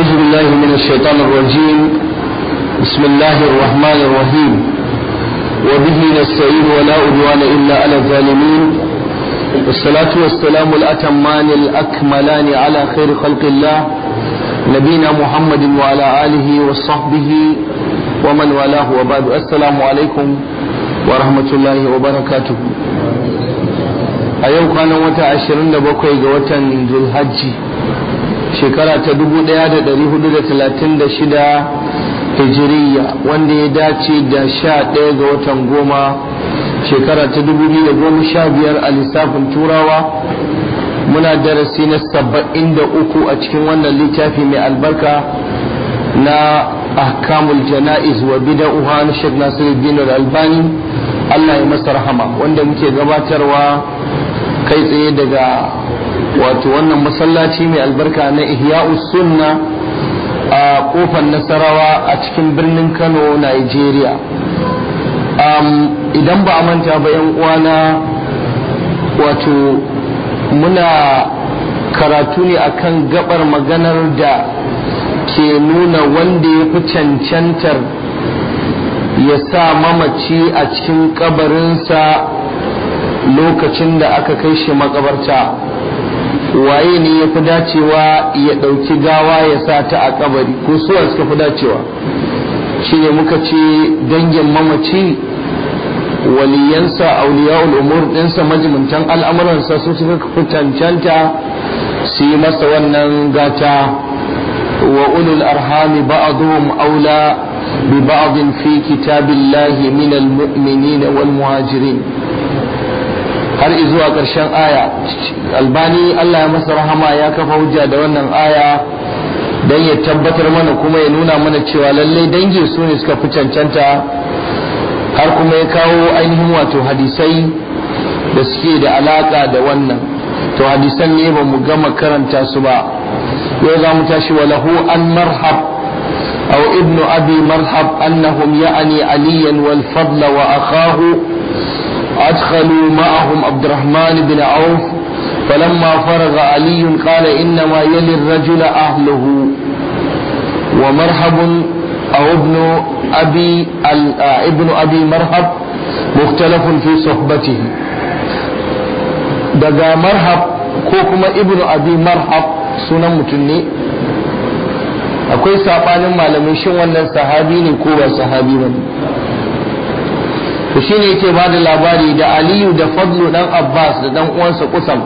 أعوذ بالله من الشيطان الرجيم بسم الله الرحمن الرحيم وبه نستعين ولا عدوان إلا على الظالمين والصلاة والسلام الأتمان الأكملان على خير خلق الله نبينا محمد وعلى آله وصحبه ومن والاه وبعد السلام عليكم ورحمة الله وبركاته a أنا kwanan wata 27 ga watan shekara ta 1436 hijiriya wanda ya dace da 11 ga watan goma shekara ta 2015 a lissafin turawa muna darasi na 73 a cikin wannan littafi mai albarka na ahkamul jana'iz wa bida na shek nasiru Al-Albani Allah ya masa rahama wanda muke gabatarwa kai tsaye daga wato wannan masallaci mai albarka na ihya'us sunna a kofar nasarawa a cikin birnin kano nigeria idan ba a manta ba yan uwana wato muna karatu ne akan gabar maganar da ke nuna wanda ya fi cancantar ya sa mamaci a cikin kabarinsa lokacin da aka kai shi makabarta waye ne ya fi dacewa ya ɗauki gawa ya sa ta a kabari ko suwa suka fi dacewa shi ne muka ce dangin mamaci waliyansa auliya'ul umur ɗinsa majimuntan al'amuransa su suka fi cancanta su yi masa wannan gata wa ulul arhami ba'aduhum aula bi ba'adin fi kitabillahi minal mu'minina wal muhajirin har a ƙarshen aya albani Allah ya masa rahama ya kafa hujja da wannan aya don ya tabbatar mana kuma ya nuna mana cewa lallai dangi su ne suka fi cancanta har kuma ya kawo ainihin wato hadisai da suke da alaƙa da wannan to hadisan ne ba mu gama karanta su ba yau za mu tashi wa lahu an marhab aw ibnu abi marhab annahum ya'ani aliyan wal fadla wa أدخلوا معهم عبد الرحمن بن عوف فلما فرغ علي قال إنما يلي الرجل أهله ومرحب أو ابن أبي ابن أبي مرحب مختلف في صحبته daga marhab ko kuma ibnu abi marhab sunan mutum ne akwai sabanin malamai shin wannan sahabi ne ko ba sahabi ba to shine yake ba da labari da aliyu da fadlu dan abbas da dan uwansa kusam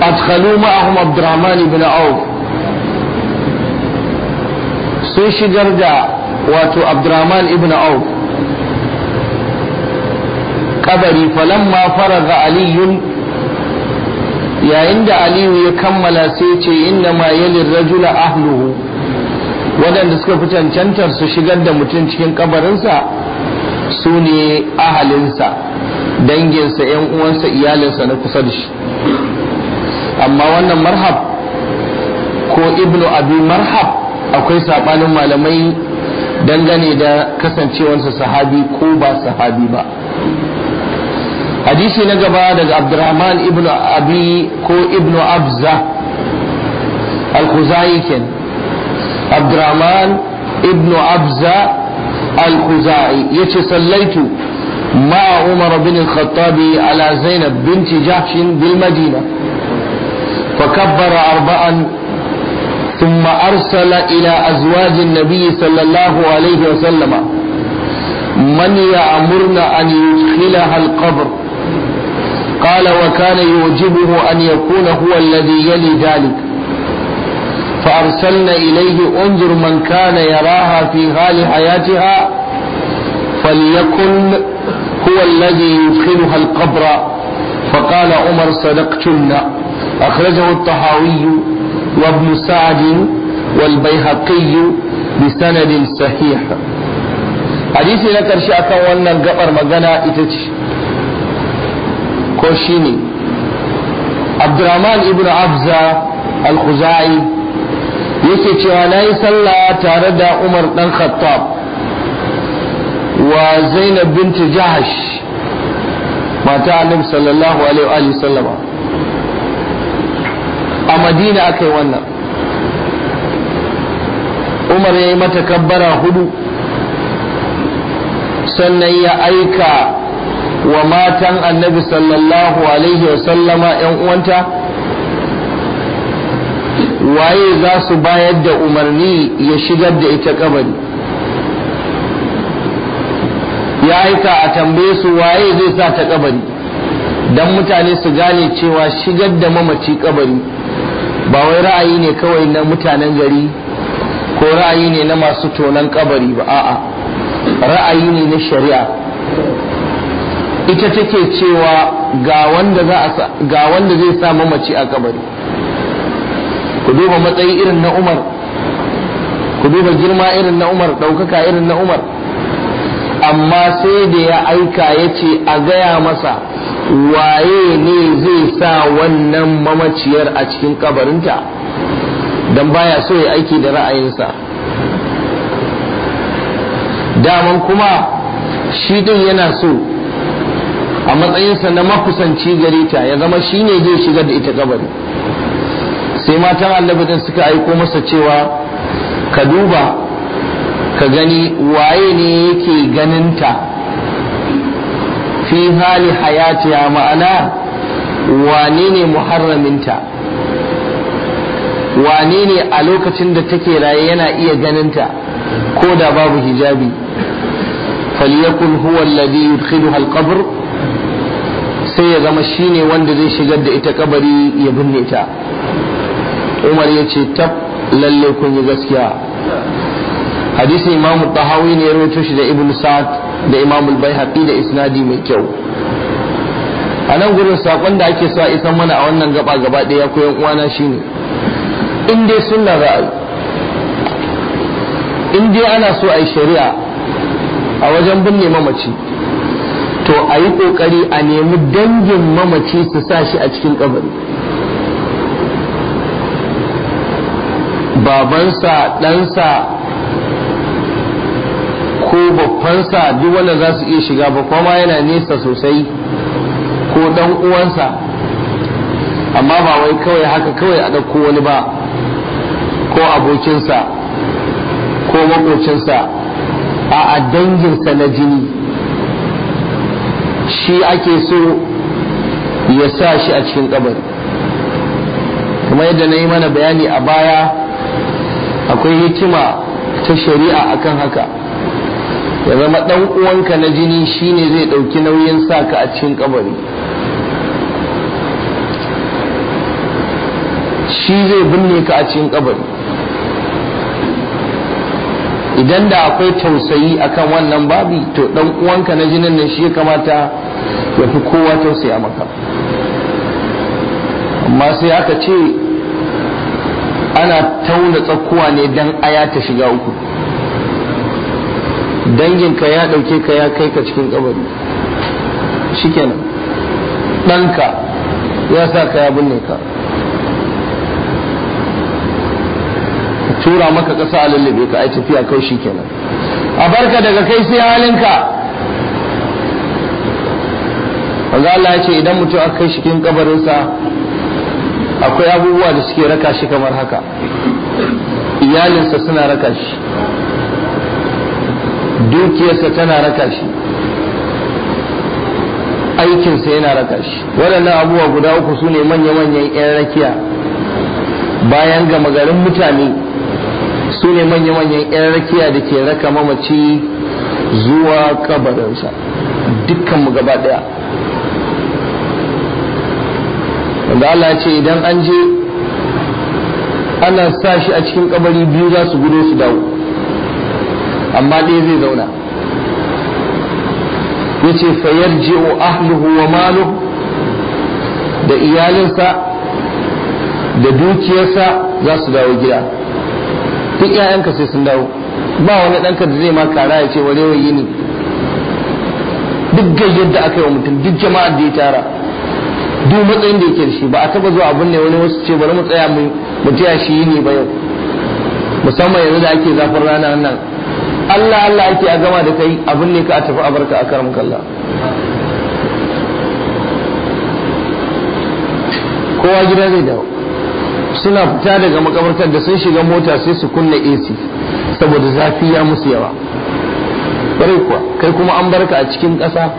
adkhalu ma'ahum abdurrahman ibn auf sun shigar da wato abdurrahman ibn auf kabari falamma faraga Aliyu yayin da aliyu ya kammala sai ce inna ma yalin rajula ahluhu waɗanda suka fi cancantar su shigar da mutum cikin kabarinsa su ne ahalinsa danginsa yan uwansa iyalinsa na kusa da shi amma wannan marhab ko ibnu abi marhab akwai saɓanin malamai dangane da kasancewarsa sahabi ko ba sahabi ba hadisi na gaba daga abdurrahman Ibn abi ko ibnu abza al-khuzai kenan عبد الرحمن ابن عبزة الخزاعي يتسليت صليت مع عمر بن الخطاب على زينب بنت جحش بالمدينة فكبر أربعا ثم أرسل إلى أزواج النبي صلى الله عليه وسلم من يأمرن أن يدخلها القبر قال وكان يوجبه أن يكون هو الذي يلي ذلك فأرسلنا إليه انظر من كان يراها في حال حياتها فليكن هو الذي يدخلها القبر فقال عمر صدقتن أخرجه الطحاوي وابن سعد والبيهقي بسند صحيح حديث لك الشيء كان وانا قبر مغانا إتش كوشيني عبد الرحمن ابن عبزة الخزاعي yake cewa na yi sallah tare da umar dan khattab wa zainab binti jahash mata annabi sallallahu alaihi wa sallama a madina aka yi wannan umar ya yi mata kabbara hudu sannan ya aika wa matan annabi sallallahu alaihi wa sallama 'yan uwanta waye za su bayar da umarni ya shigar da ita kabari ya aika a tambaye su waye zai sa ta kabari don mutane su gane cewa shigar da mamaci kabari ba wai ra'ayi ne kawai na mutanen gari ko ra'ayi ne na masu tonon kabari ba a'a ra'ayi ne na shari'a ita take cewa ga wanda zai sa mamaci a kabari ku duba matsayi irin na umar ku duba girma irin na umar ɗaukaka irin na umar amma sai da ya aika ya ce a gaya masa waye ne zai sa wannan mamaciyar a cikin kabarinta don baya so ya aiki da ra'ayinsa daman kuma shi din yana so a matsayinsa na makusanci gare ta ya zama shi ne zai shigar da ita kabari sai matan annabi suka aiko masa cewa ka duba ka gani waye ne yake ganinta fi hali hayatiya ma'ana wane ne muharraminta wane ne a lokacin da take raye yana iya ganinta ko da babu hijabi falyakun huwa alladhi yudkhiluha alqabr sai ya zama shine wanda zai shigar da ita kabari ya binne ta umar ya ce tab lalle kun yi gaskiya hadisi imamu tahawi ne ya rubuto shi da ibn sa'ad da imamul bayhaqi da isnadi mai kyau a nan gurin sakon da ake sa isan mana a wannan gaba gaba ɗaya 'yan uwana shine in dai sunna za in dai ana so a yi shari'a a wajen binne mamaci to a yi ƙoƙari a nemi dangin mamaci su sa shi a cikin kabari babansa ɗansa ko babbansa duk wanda za su iya shiga ba kuma yana nesa sosai ko ɗan uwansa amma ba wai kawai haka kawai a ɗauko wani ba ko abokinsa ko maƙocinsa a danginsa na jini shi ake so ya sa shi a cikin kabari kuma yadda na yi mana bayani a baya akwai hikima ta shari'a akan haka ya zama ɗan uwanka na jini shine zai dauki nauyin sa ka a cikin kabari shi zai binne ka a cikin kabari idan da akwai tausayi akan wannan babi to ɗan uwanka na jinin nan shi ya kamata ya fi kowa tausaya maka amma sai aka ce ana tauna tsakuwa ne dan aya ta shiga uku danginka ya ɗauke ka ya kai ka cikin kabari shikenan ɗanka ya sa ka ya binne ka tura maka ƙasa a lullube ka ai tafiya kai shikenan a barka daga kai sai halin ka, Allah ya ce idan mutum aka kai shi kabarinsa akwai abubuwa da suke raka shi kamar haka iyalinsa suna raka shi dukiyarsa tana raka shi aikinsa yana raka shi waɗannan abubuwa guda uku su ne manya-manyan 'yan rakiya bayan gama garin mutane su ne manya-manyan 'yan rakiya da ke raka mamaci zuwa kabarinsa dukkanmu gaba ɗaya wanda Allah ce idan an je ana sa shi a cikin kabari biyu za su gudo su dawo amma ɗaya zai zauna ya ce fayarji'u ahluhu wa malu da iyalinsa da dukiyarsa za su dawo gida duk 'ya'yanka sai sun dawo ba wani ɗanka da zai ma kara ya ce warewa yini duk gayyar da aka yi wa mutum duk jama'ar da ya tara duk matsayin da yake da shi ba a taba zuwa abin ne wani wasu ce bari mu tsaya mu tiya shi yi ne ba yau musamman yanzu da ake zafin rana nan Allah Allah ake a gama da kai abin ne ka a tafi abarka a karam kalla kowa gida zai dawo suna fita daga makabartar da sun shiga mota sai su kunna AC saboda zafi ya musu yawa bare kuwa kai kuma an barka a cikin ƙasa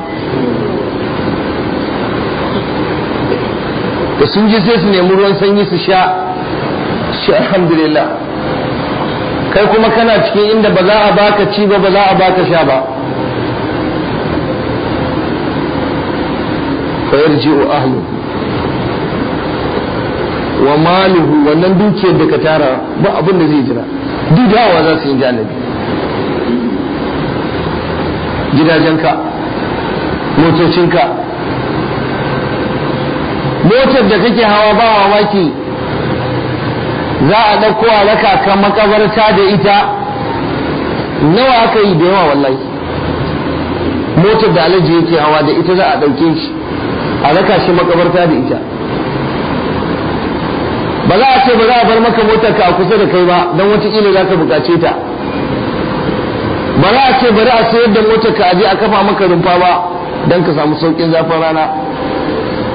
da sun ji sai su nemi ruwan sanyi su sha shi alhamdulillah kai kuma kana cikin inda ba za a baka ci ba ba za a baka sha ba fayarji'u ahlu wa malihu wannan dukiyar da ka tara ba abin da zai jira dudawa za su yi janabi gidajenka motocinka motar da kake hawa ba mamaki za a ɗauko alaka kan makabarta da ita nawa aka yi da yawa wallahi motar da alaji yake hawa da ita za a ɗauke shi alaka shi makabarta da ita ba za a ce ba za a bar maka motar ka a kusa da kai ba don wataƙila za ka buƙace ta ba za a ce bari a sayar da motar ka aje a kafa maka rumfa ba don ka samu sauƙin zafin rana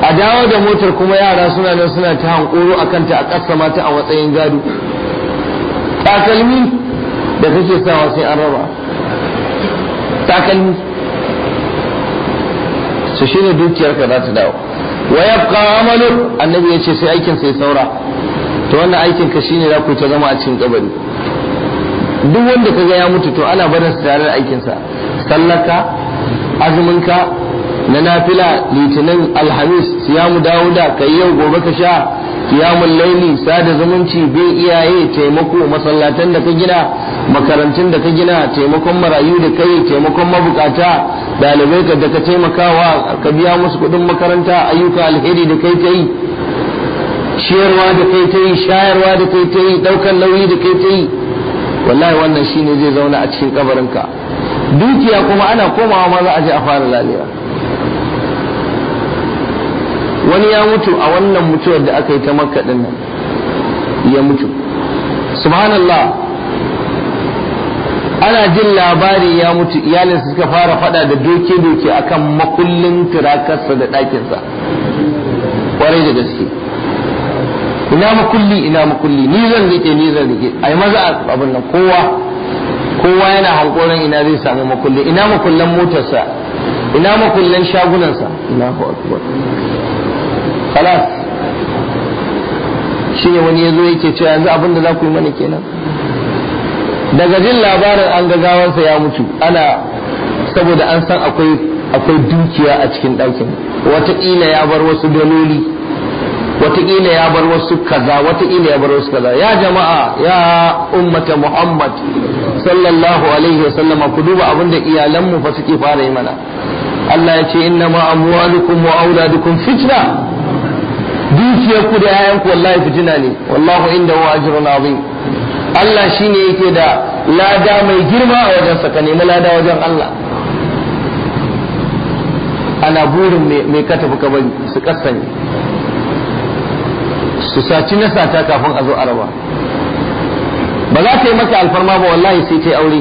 a dawo da motar kuma yara suna nan suna ta hankoro a kanta a ƙasa mata a matsayin gado takalmi da kake sawa sai an raba takalmi su dukiyar dukiyarka za ta dawo wa kawo amalu annabi ya ce sai aikin sai saura to wannan aikin ka shine za ku ta zama a cikin kabari duk wanda ka ga ya mutu to ana barin sa tare da aikinsa. sallaka azumin na nafila litinin alhamis siyamu dawuda kai yau gobe ka sha kiyamun laili sada zumunci be iyaye taimako masallatan da ka gina makarantun da ka gina taimakon marayu da kai taimakon mabukata dalibai ka da ka taimakawa ka biya musu kuɗin makaranta ayyuka alheri da kai kai ciyarwa da kai ta yi shayarwa da kai ta yi nauyi da kai ta yi wallahi wannan shine zai zauna a cikin kabarinka dukiya kuma ana komawa ma za a je a fara lalewa wani ya mutu a wannan mutuwar da aka yi ta makka din nan ya mutu subhanallah ana jin labari ya mutu iyalinsa suka fara fada da doke-doke akan makullin turakarsa da ɗakinsa kwarai da gaske ina makulli ina makulli ni zan rike ni zan rike ai maza abin nan kowa kowa yana hankoran ina zai samu makulli ina makullan motarsa ina makullan shagunansa Allahu akbar salat shi ne wani ya zo yake cewa yanzu abin da za ku yi mana kenan daga jin labarin an ga gawansa ya mutu ana saboda an san akwai akwai dukiya a cikin ɗakin wataƙila ya bar wasu daloli wataƙila ya bar wasu kaza wataƙila ya bar wasu kaza ya jama'a ya ummata muhammad sallallahu alaihi wa sallama ku duba abin da iyalanmu fa suke fara yi mana Allah ya ce inna ma amwalukum wa auladukum fitna dukiyar ku da yayan ku wallahi fitina ne wallahu indahu ajrun azim Allah shine yake da lada mai girma a wajen sa ka nemi lada wajen Allah ana burin mai ka tafi ka bari su kasance su saci na sata kafin a zo araba ba za ta yi maka alfarma ba wallahi sai ta aure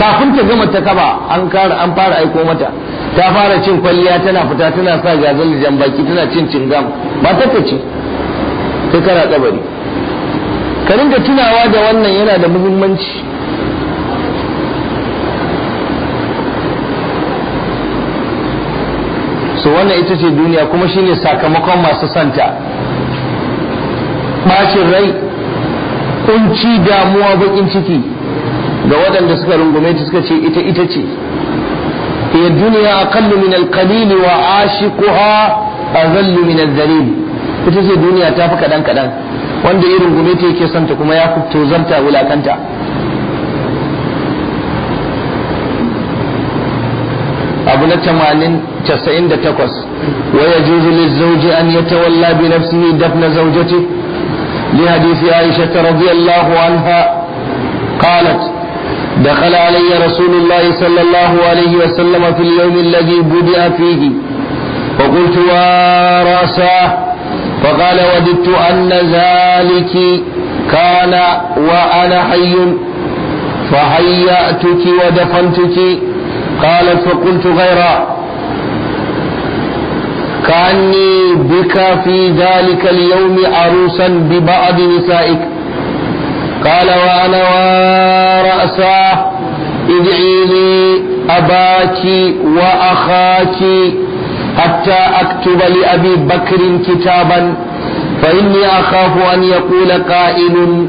kafin ta gama ta kaba an fara aiko mata ta fara cin kwalliya tana fita tana sa gazal da jan baki tana cin cingam ba ta ci kana kabari ka dinga tunawa da wannan yana da muhimmanci so wannan ita ce duniya kuma shine sakamakon masu santa bacin rai kunci damuwa bakin ciki ga waɗanda suka rungume ta suka ce ita ita ce هي الدنيا أقل من القليل وعاشقها أذل من الذليل فتجد الدنيا تافك دان كدان وانده يرون قميتي كيسانتا كما ياخد توزمتا ولا كنتا أبنى تمانين تسعين دا تقص ويجوز للزوج أن يتولى بنفسه دفن زوجته لحديث عائشة رضي الله عنها قالت دخل علي رسول الله صلى الله عليه وسلم في اليوم الذي بدأ فيه فقلت رأساه فقال وددت أن ذلك كان وأنا حي فهيأتك ودفنتك قالت فقلت غير كأني بك في ذلك اليوم عروسا ببعض نسائك قال وأنا رأسه ادعي لي أباك وأخاك حتى أكتب لأبي بكر كتابا فإني أخاف أن يقول قائل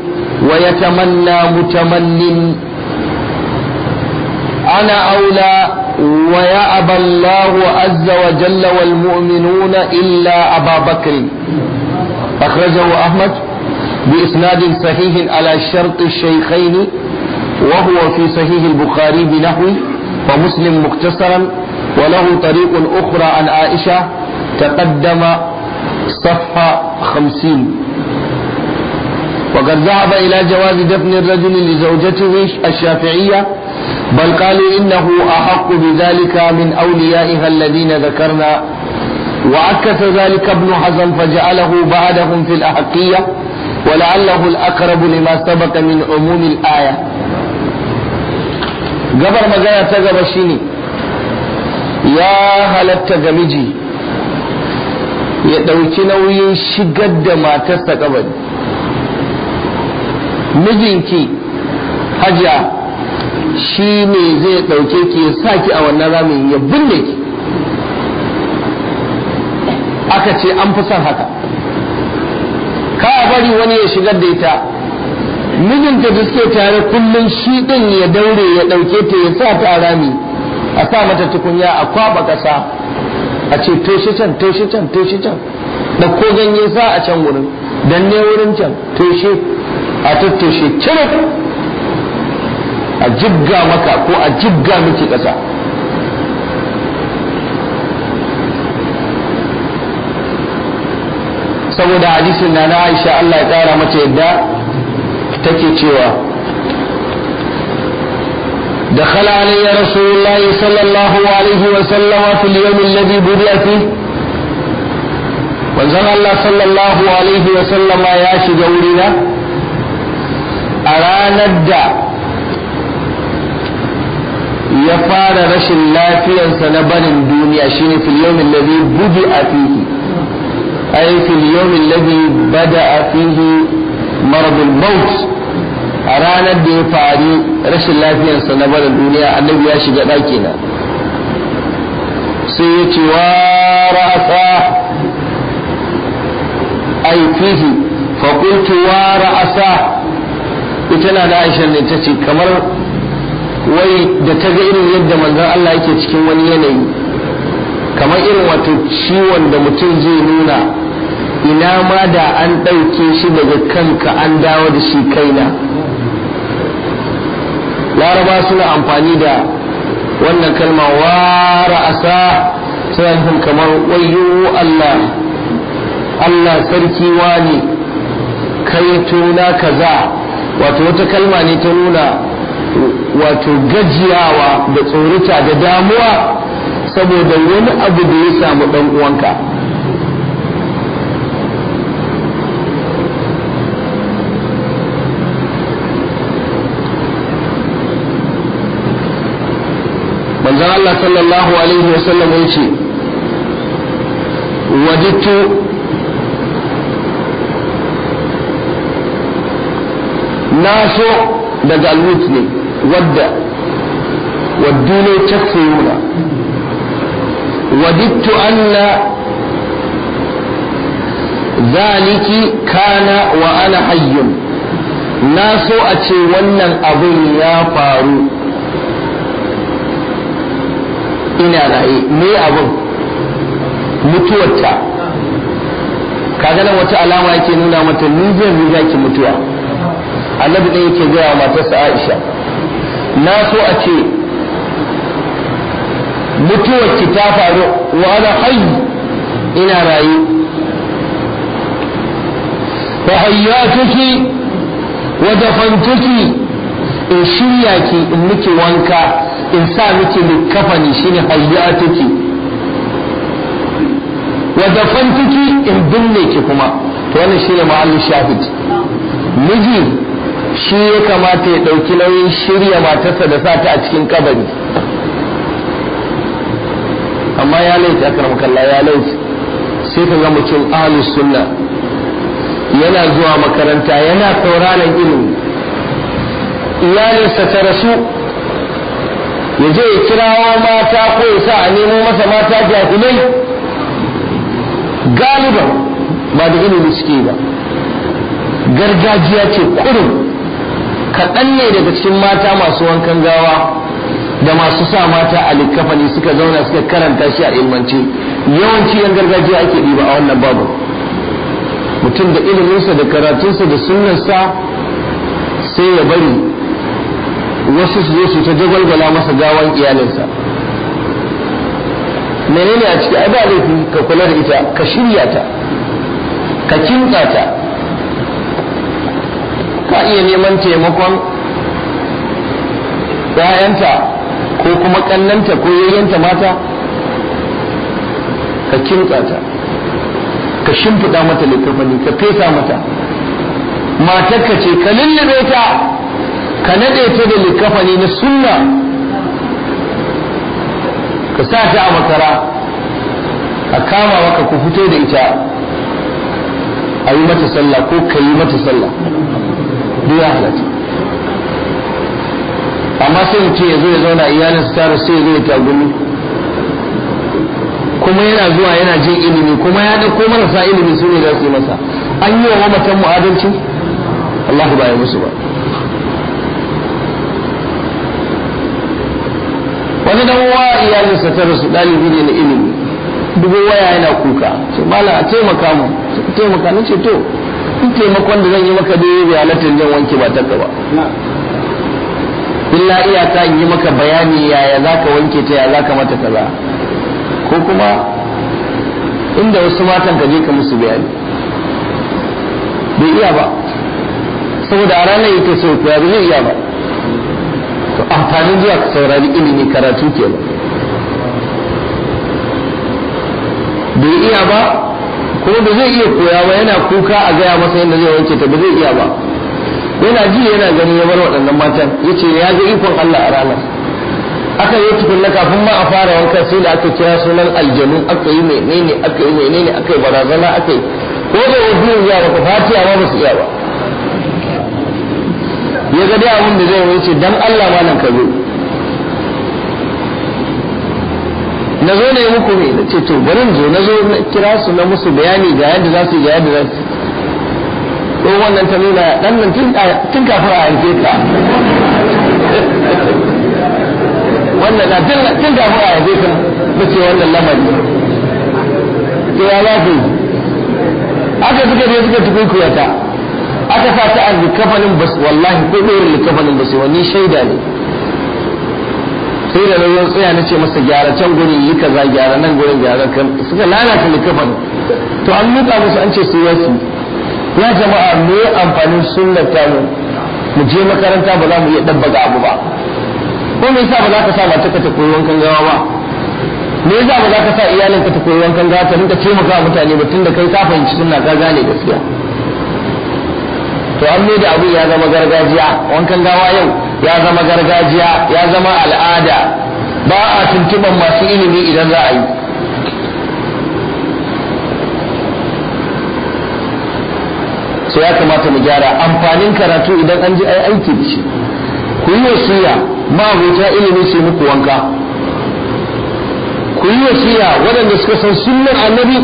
ويتمنى متمن أنا أولى ويا أبى الله عز وجل والمؤمنون إلا أبا بكر أخرجه أحمد بإسناد صحيح على شرط الشيخين وهو في صحيح البخاري بنحو ومسلم مختصرا وله طريق أخرى عن عائشة تقدم صفحة خمسين وقد ذهب إلى جواز دفن الرجل لزوجته الشافعية بل قالوا إنه أحق بذلك من أوليائها الذين ذكرنا وعكس ذلك ابن حزم فجعله بعدهم في الأحقية ولعله الأقرب لما سبق من عموم الآية gabar magana ta gaba shine ya halatta ga miji ya ɗauki nauyin shigar da matarsa kabari mijinki hajiya shi ne zai ɗauke ki ya sa ki a wannan ramin ya bulle ki aka ce an fi son haka ka bari wani ya shigar da ita mijinta da suke tare kullum shi din ya daure ya dauke ta ya sa ta rami a sa mata tukunya a kwaba kasa a ce toshe can toshe can toshe can da ko ganye sa a can wurin dan ne wurin can toshe a tattoshe cire a jibga maka ko a jibga miki kasa saboda hadisin na na Aisha Allah ya kara mace yadda take cewa دخل علي رسول الله صلى الله عليه وسلم في اليوم الذي بدأ فيه وزن الله صلى الله عليه وسلم يا شجورنا أرانا الدع يفعل رشل لا في أنسان بن الدنيا شين في اليوم الذي بدأ فيه أي في اليوم الذي بدأ فيه مرض الموت a ranar da ya faru rashin lafiyarsa na barin duniya annabi ya shiga ɗaki na sai ya ce wa ra'asa aifihi fa qultu wa ita na da Aisha ne ta ce kamar wai da ta ga irin yadda manzon Allah yake cikin wani yanayi kamar irin wato ciwon da mutum zai nuna ina ma da an ɗauke shi daga kanka an dawo da shi kaina laraba suna amfani da wannan kalma wara asa suna nufin kamar wayo Allah Allah sarki wani kai tuna kaza wato wata kalma ne ta nuna wato gajiyawa da tsorita da damuwa saboda wani abu da ya samu dan uwanka manzon Allah sallallahu alaihi wasallam ya ce wajittu na so daga alwit ne wadda waddu ne tafsiruna wadittu anna zaliki kana wa ana hayyun na so a ce wannan abin ya faru ne a raye me abun mutuwarta kaga nan wata alama yake nuna mata ni zan riga ki mutuwa annabi ɗaya yake gaya wa matarsa aisha na so a ce ki ta faru wa ana hayy ina rayu fa hayyatuki wa dafantuki in shirya ki in miki wanka in sa miki likafani shine tuki wa dafantiki in binne ki kuma to wannan shine ma'allu shahid miji shi ya kamata ya ɗauki nauyin shirya matarsa da sa ta a cikin kabari amma ya laifi akram ya laifi sai ka ga mutum ahlus sunna yana zuwa makaranta yana tauraron ilimi iyalinsa ta rasu ya je ya kirawo mata ko ya sa a nemo masa mata jahilai galiban ba da ilimi suke ba gargajiya ce kurin kaɗan ne daga cikin mata masu wankan gawa da masu sa mata a likkafani suka zauna suka karanta shi a ilmance yawanci yan gargajiya ake ɗiba a wannan babu mutum da iliminsa da karatunsa da sunansa sai ya bari wasu su zo su ta jagwalgwala masa gawan iyalinsa menene a ciki ba laifin ka kula da ita ka shirya ta ka kinta ta ka iya neman taimakon bayanta ko kuma kallanta ko yayyanta mata ka kinta ta ka shimfiɗa mata littafani ka fesa mata ka ce ka lullube ta ka nade ta da likafani na sunna ka sa ta a makara a kama maka ku fito da ita a yi mata sallah ko ka yi mata sallah duk ya halatta amma sai mutum ya zo ya zauna iyalin su tara sai ya zo ya tagumi kuma yana zuwa yana jin ilimi kuma ya ɗauko marasa ilimi su ne za su yi masa an yi wa mamatan mu adalci Allah ba ya musu ba sa ta rasu dalibi ne na ilimi dubo waya yana kuka ce mala a taimaka mu taimaka na ce to in taimakon da zan yi maka da bai halatta jan wanke ba ta gaba illa iyaka in yi maka bayani yaya za ka wanke ta yaya za ka mata kaza ko kuma inda wasu matan ka je ka musu bayani bai iya ba saboda a ranar yake so ya zai iya ba amfanin zuwa ka saurari ilimi karatu ke ba bai iya ba ko da zai iya koya ba yana kuka a gaya masa yadda zai wanke ta ba zai iya ba yana ji yana gani ya bar waɗannan matan ya ce ya ga ikon Allah a ranar aka yi na kafin ma a fara wanka sai da aka kira sunan aljanu aka yi menene aka yi menene aka yi barazana aka yi ko da wasu yin zuwa baka fatiya ba su iya ba ya ga dai abin da zai wuce dan Allah malam ka zo na zo ne muku ne ce to garin zo na zo kira su na musu bayani ga yadda za su ga yadda za su ko wannan ta nuna dan nan tun kafin a yanke ka wannan na tun kafin a yanke ka ba ce wannan lamari ta ya lafi aka suka je suka tukun kuyata aka sa ta arziki kafanin basu wallahi ko ɗorin kafanin basu wani shaida ne sai da nan tsaya na ce masa gyara can gurin yi kaza gyara nan gurin gyara kan suka lalata likafan to an muka musu an ce sai wasu ya jama'a me amfanin sunnar ta mu mu je makaranta ba za mu iya dabbaga abu ba ko me yasa ba za ka sa ba ta koyi wankan gawa ba me yasa ba za ka sa iyalinka ta koyi wankan gawa ta rinka taimaka mutane ba tunda kai ka fahimci sunna ka gane gaskiya to an mai da abu ya zama gargajiya wankan gawa yau ya zama gargajiya ya zama al'ada ba a tuntuban masu ilimi idan za a yi Sai ya kamata mu gyara amfanin karatu idan an ji ai aiki da shi ku yi wasiya wuta ilimi su muku wanka ku yi wasiya waɗanda suka san sunnar annabi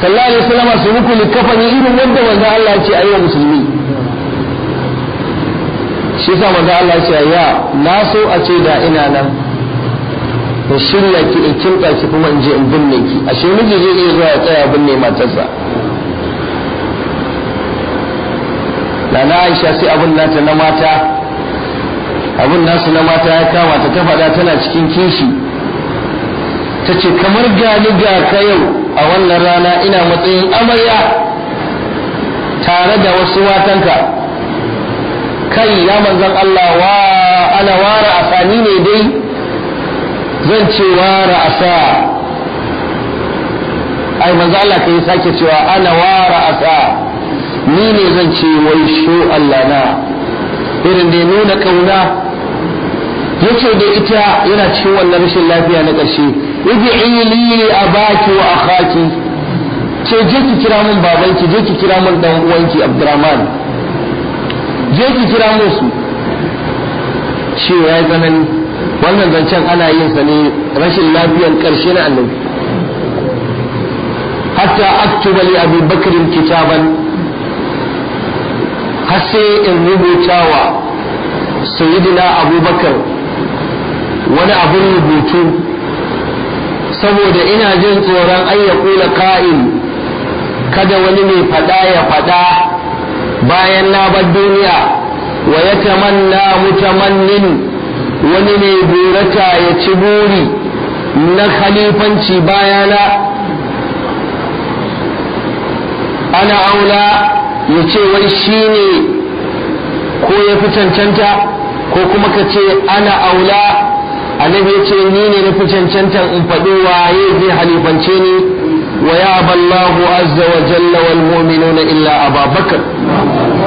sallallahu alaihi wasallam su muku likafani irin wanda wanda Allah ya ce ayyuhal musulmi shi sa manzo Allah ya ce ya na so a ce da ina nan in shirya ki in kinta ki kuma in je in binne ki shi miji zai iya zuwa ya tsaya binne matarsa Nana Aisha sai abun nata na mata abun nasu na mata ya kama ta ta faɗa tana cikin kishi ta ce kamar gani ga ka yau a wannan rana ina matsayin amarya tare da wasu matanka kai ya manzan Allah wa ana wara asani ne dai zan ce wara asa ai manzan Allah kai sake cewa ana wara asa ni ne zan ce wai sho Allah na irin da nuna kauna ce da ita yana ciwon wannan rashin lafiya na ƙarshe iji'i a baki wa akhaki ce je ki kira min babanki je ki kira min dan uwanki Abdurrahman je ki kira musu cewa ya tsanani wannan zancen ana yin sa ne rashin lafiyar karshe na annabi hatta aktuba li abu bakrin kitaban har sai in rubuta wa sayyidina abubakar wani abun rubutu saboda ina jin tsoron an ka'in kada wani mai fada ya fada bayan na bar duniya wa ya tamanna mutamannin wani mai burata ya ci buri na khalifanci bayana ana aula ya ce wai shi ne ko ya fi cancanta ko kuma ka ce ana aula annabi ya ce ni ne na fi cancanta in faɗi waye zai halifance ni ويأبى الله عز وجل والمؤمنون إلا أبا بكر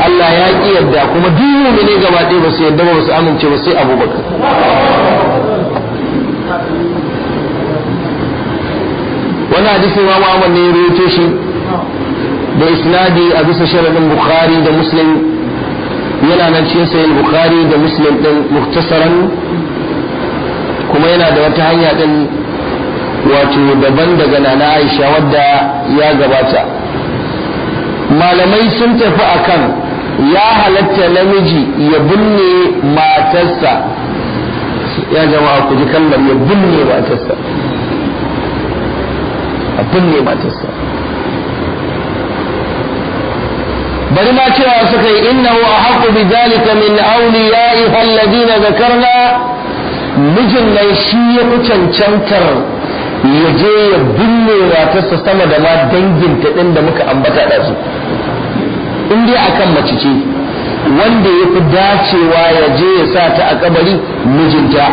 الله يا يدا كما دين من يجمع دي بس يدا بس أمن بس أبو بكر وانا حديث إمام أحمد ne rawaito shi da isnadi a bisa sharadin Bukhari da Muslim yana nan cikin sahih Bukhari da Muslim ɗin muhtasaran kuma yana da wata hanya ɗin. wato daban daga nana aisha wadda ya gabata malamai sun tafi akan ya halatta namiji ya binne matarsa ya jama'a ku ji kalmar ya binne matarsa a binne matarsa bari ma cewa suka yi innahu ahqqu bi zalika min awliya'iha alladhina zakarna mijin nan shi ya fi cancantar ya je ya binne watarsa sama da ma dangin ta din da muka ambata da su in dai akan mace ce wanda ya fi dacewa ya je ya sa ta a kabari mijinta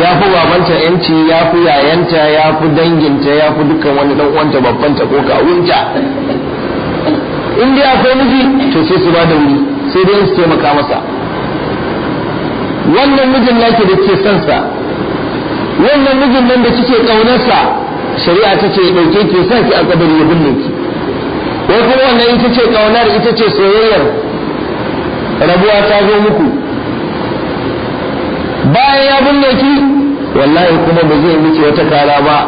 ya fi babanta yanci ya fi yayanta ya fi danginta ya fi dukkan wani dan uwanta babbanta ko kawunta in dai akwai miji to sai su ba da wuri sai dai su taimaka masa wannan mijin nake da ke son wannan mijin nan da kike kaunarsa shari'a ta ce dauke ki sa ki a kabari ya binne ki ko kuma wannan ita ce kaunar ita ce soyayyar rabuwa ta zo muku bayan ya binne ki wallahi kuma ba zai miki wata kara ba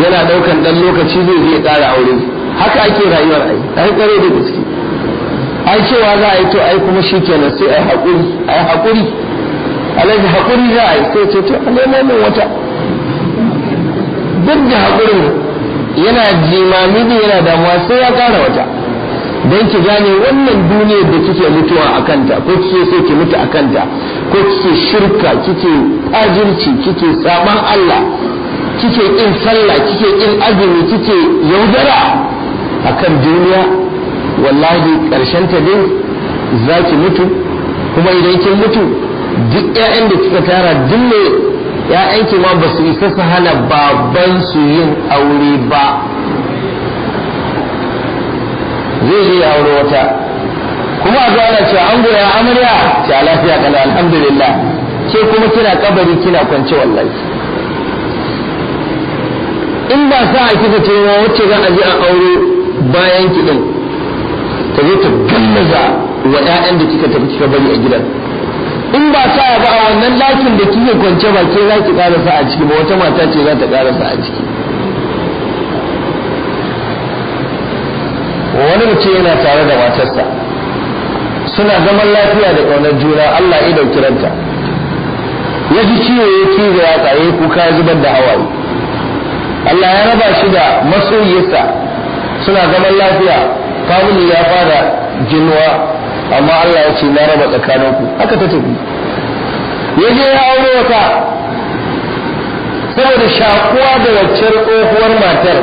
yana daukan dan lokaci zai je kara aure haka ake rayuwar ai ai kare da gaske ai cewa za a yi to ai kuma shikenan sai ai hakuri ai hakuri alaihi hakuri za a yi sai ce to a nemo min wata duk da hakurin yana jimami ne yana damuwa sai ya kara wata don ki gane wannan duniyar da kike mutuwa a kanta ko kike so ki mutu a kanta ko kike shirka kike ajirci kike saban Allah kike kin sallah kike kin azumi kike yaudara akan duniya wallahi karshen ta dai za ki mutu kuma idan kin mutu duk 'ya'yan da kika tara duk ‘ya’yan 'ya'yanki ma ba su isa su hana baban su yin aure ba zai je aure wata kuma a ana cewa an a amarya ce a lafiya kana alhamdulillah ce kuma kina kabari kina kwance wallahi in ba sa a kika ce ma wacce za a je a aure bayan kiɗin din ta zo ta gallaza wa 'ya'yan da kika tafi kika bari a gidan in ba sa ya ba a wannan lakin da kike kwance ba ke za ki karasa a ciki ba wata mata ce za ta karasa a ciki wani mace yana tare da matarsa suna zaman lafiya da ƙaunar juna Allah ido kiranta ya ji ciwo ya ke da tsaye kuka zubar da hawaye Allah ya raba shi da masoyiyarsa suna zaman lafiya famili ya fara jinuwa amma Allah ya ce na raba tsakaninku haka ta tafi ya je ya aure wata saboda shakuwa da waccar tsohuwar matar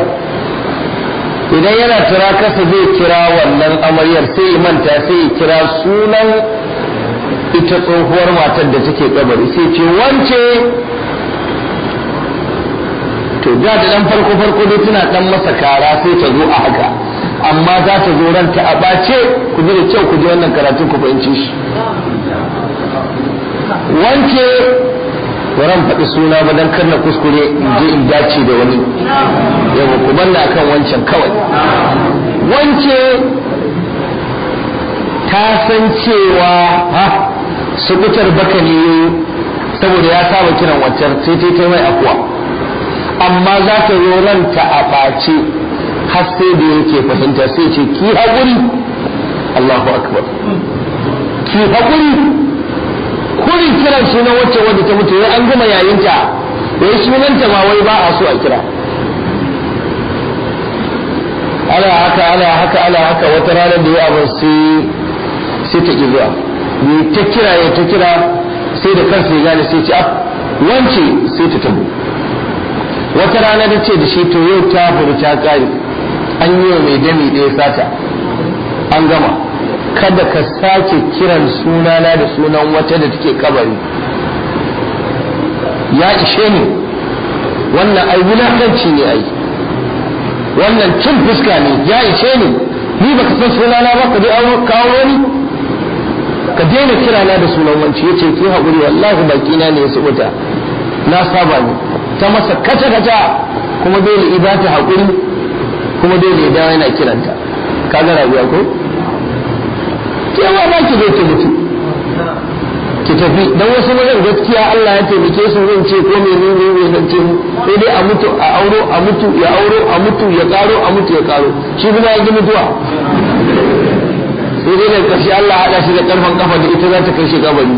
idan yana kira kasa zai kira wannan amaryar sai ya manta sai ya kira sunan ita tsohuwar matar da take kabari sai ce wance to da da dan farko farko dai tana dan masa kara sai ta zo a haka amma za ta zo a ɓace ku ji da kyau ku ji wannan karatun ku fahimci shi wance ran faɗi suna ba don kar kuskure in je in dace da wani yawa ku banna akan wancan kawai wance ta san cewa ha sukutar baka ne saboda ya saba kiran wancan, sai ta yi mai akuwa amma za ta zo ranta a ɓace har sai da yake fahimta sai ce ki haƙuri Allahu akbar ki haƙuri kuri kiran na wacce wadda ta mutu ya an gama yayinta da ya sunanta ba wai ba a so a kira ana haka ana haka ana haka wata ranar da ya bar sai ta ƙi zuwa ne ta kira ya ta kira sai da kansa ya gane sai ce ah wance sai ta tabo wata rana da ce da shi to yau ta furu ta ƙari an yi wa mai dami ɗaya sata an gama kada ka sake kiran sunana da sunan wata da take kabari ya ishe ni wannan ai wulakanci ne ai wannan cin fuska ne ya ishe ni ni baka san sunana ba ka dai kawo wani ka daina kira na da sunan wanci ya ce ki haƙuri wallahi baki na ne ya subuta na saba ne ta masa kaca kaca kuma dole ibata haƙuri kuma dole ya dawo yana kiranta ka ga rabuwa ko cewa ba ki zo ki mutu ki tafi dan wasu mazan gaskiya Allah ya taimake su zan ce ko me ne zan ce sai dai a mutu a auro a mutu ya auro a mutu ya karo a mutu ya karo shi kuma ya ji mutuwa sai dai da kashi Allah hada shi da karfan kafa da ita za ta kai shi gabani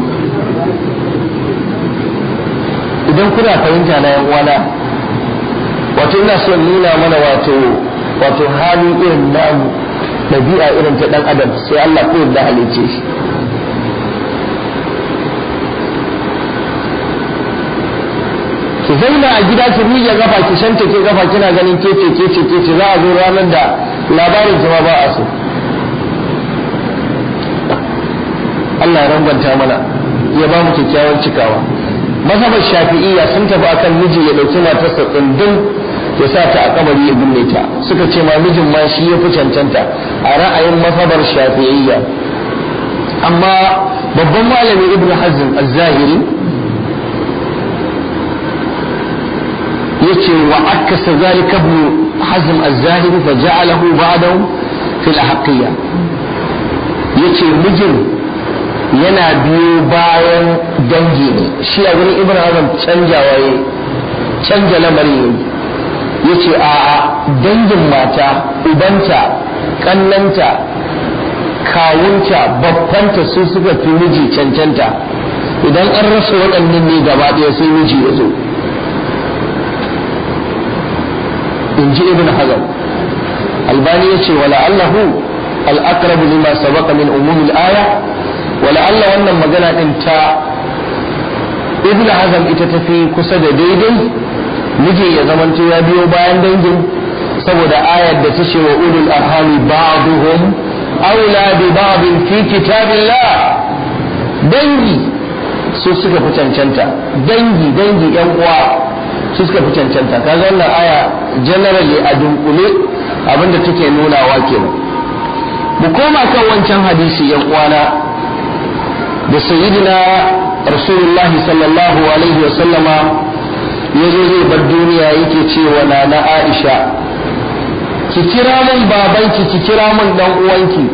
idan kuna fahimta na yan uwana wato ina son nuna mana wato wato hali irin na ɗabi'a irin ta dan adam sai Allah ko da halice shi ki zauna a gida ki miƙe gafa ki shanta ke gafa kina ganin kece kece kece za a zo ranar da labarin ki ma ba a so Allah ya rangwanta mana ya ba mu kyakkyawan cikawa mazhabar shafi'iyya sun tafi akan miji ya dauki matarsa tsindin ya sa ta a kabari ya binne ta suka ce ma mijin ma shi ya fi cancanta a ra'ayin masabar shafiyayya amma babban malami ibn hazm az-zahiri yace wa akasa zalika ibn hazm az-zahiri fa ja'alahu ba'dahu fi al-haqqiyya yace mijin yana biyo bayan dangi ne shi a gurin ibn hazm canjawa ya canja lamarin yace a dangin mata ubanta kallanta kawunta babbanta su suka fi miji cancanta idan an rasa waɗannan ne gaba ɗaya sai miji ya zo in ji ibn hazar albani ya ce wala allahu al'aqrabu lima sabaqa min umumil aya wala allah wannan magana ɗin ta ibn hazar ita tafi kusa da daidai miji ya zamanto ya biyo bayan dangin saboda ayar da ta ce wa ulul arhami ba'duhum aula bi ba'din fi kitabillah dangi su suka fi dangi dangi yan uwa su suka fi cancanta kaga wannan aya generally a dunkule abinda take nuna wa kenan mu koma kan wancan hadisi yan uwana da sayyidina rasulullahi sallallahu alaihi wa sallama yazo zai bar duniya yake cewa na na aisha ki kira min babanki ki kira min dan uwanki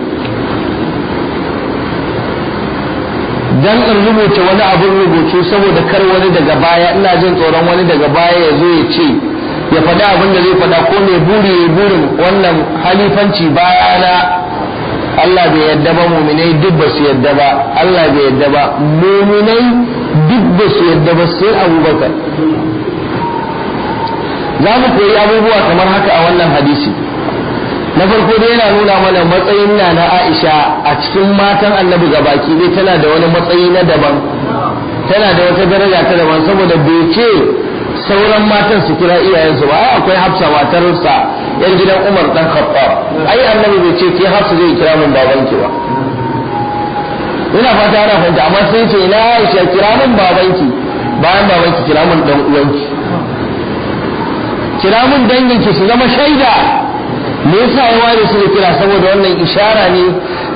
dan in rubuta wani abin rubutu saboda kar wani daga baya ina jin tsoron wani daga baya ya zo ya ce ya faɗi abin da zai faɗa ko mai buri ya burin wannan halifanci bayana Allah bai yadda ba muminai duk ba su yadda ba Allah bai yadda ba muminai duk ba su yadda ba sai abubakar za mu koyi abubuwa kamar haka a wannan hadisi na farko dai yana nuna mana matsayin na na Aisha a cikin matan annabi ga baki dai tana da wani matsayi na daban tana da wata daraja ta daban saboda bai ce sauran matan su kira iyayensu ba ai akwai hafsa matarsa yan gidan umar dan khattab ai annabi bai ce ke hafsa zai kira min babanki ba ina fata ana fahimta amma sai ce ina aisha kira min babanki bayan babanki kira min dan uwanki kira mun danginki su zama shaida me yasa ya ware su da kira saboda wannan ishara ne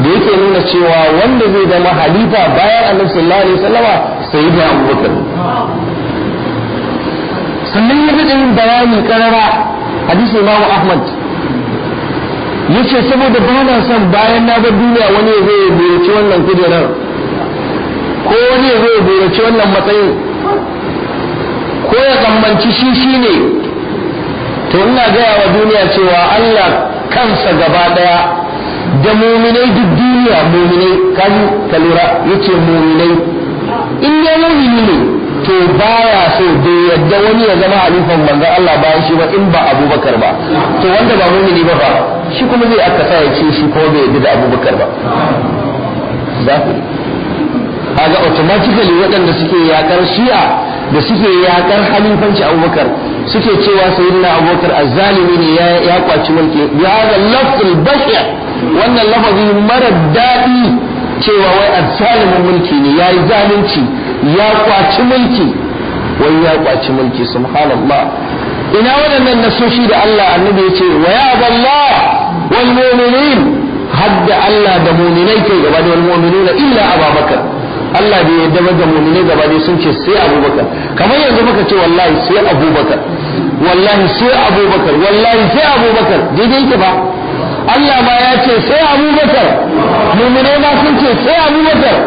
da yake nuna cewa wanda zai zama halifa bayan annabi sallallahu alaihi wasallama sai da abubakar sannan ya rika yin bayani karara hadisi imamu ahmad yace saboda ba na son bayan na bar duniya wani ya zai burace wannan kujerar ko wani ya zai burace wannan matsayin ko ya tsammanci shi shine to ina gaya wa duniya cewa Allah kansa gaba daya da muminai duk duniya muminai kan kalura yace muminai in ya mumini ne to baya so da yadda wani ya zama halifan manzon Allah bayan shi ba in ba Abubakar ba to wanda ba mumini ba ba shi kuma zai aka sa ya ce shi ko bai yadda da Abubakar ba za ku kaga automatically waɗanda suke yakar shi'a da suke yakar halifanci abubakar suke cewa sayyidina abubakar azzalimi ne ya kwaci mulki ya ga lafzul bashir wannan lafazi mara daɗi cewa wai azzalimin mulki ne ya yi zalunci ya kwaci mulki wai ya kwaci mulki subhanallah ina waɗannan nasoshi da Allah annabi ya ce wa ya Allah wal mu'minin hadda Allah da mu'minai kai gaba da wal mu'minuna illa Abubakar Allah bai ya ba ga muminai gaba dai sun ce sai Abubakar kamar yanzu muka ce wallahi sai Abubakar wallahi sai Abubakar wallahi sai Abubakar daidai ke ba Allah ma ya ce sai Abubakar muminai ma sun ce sai Abubakar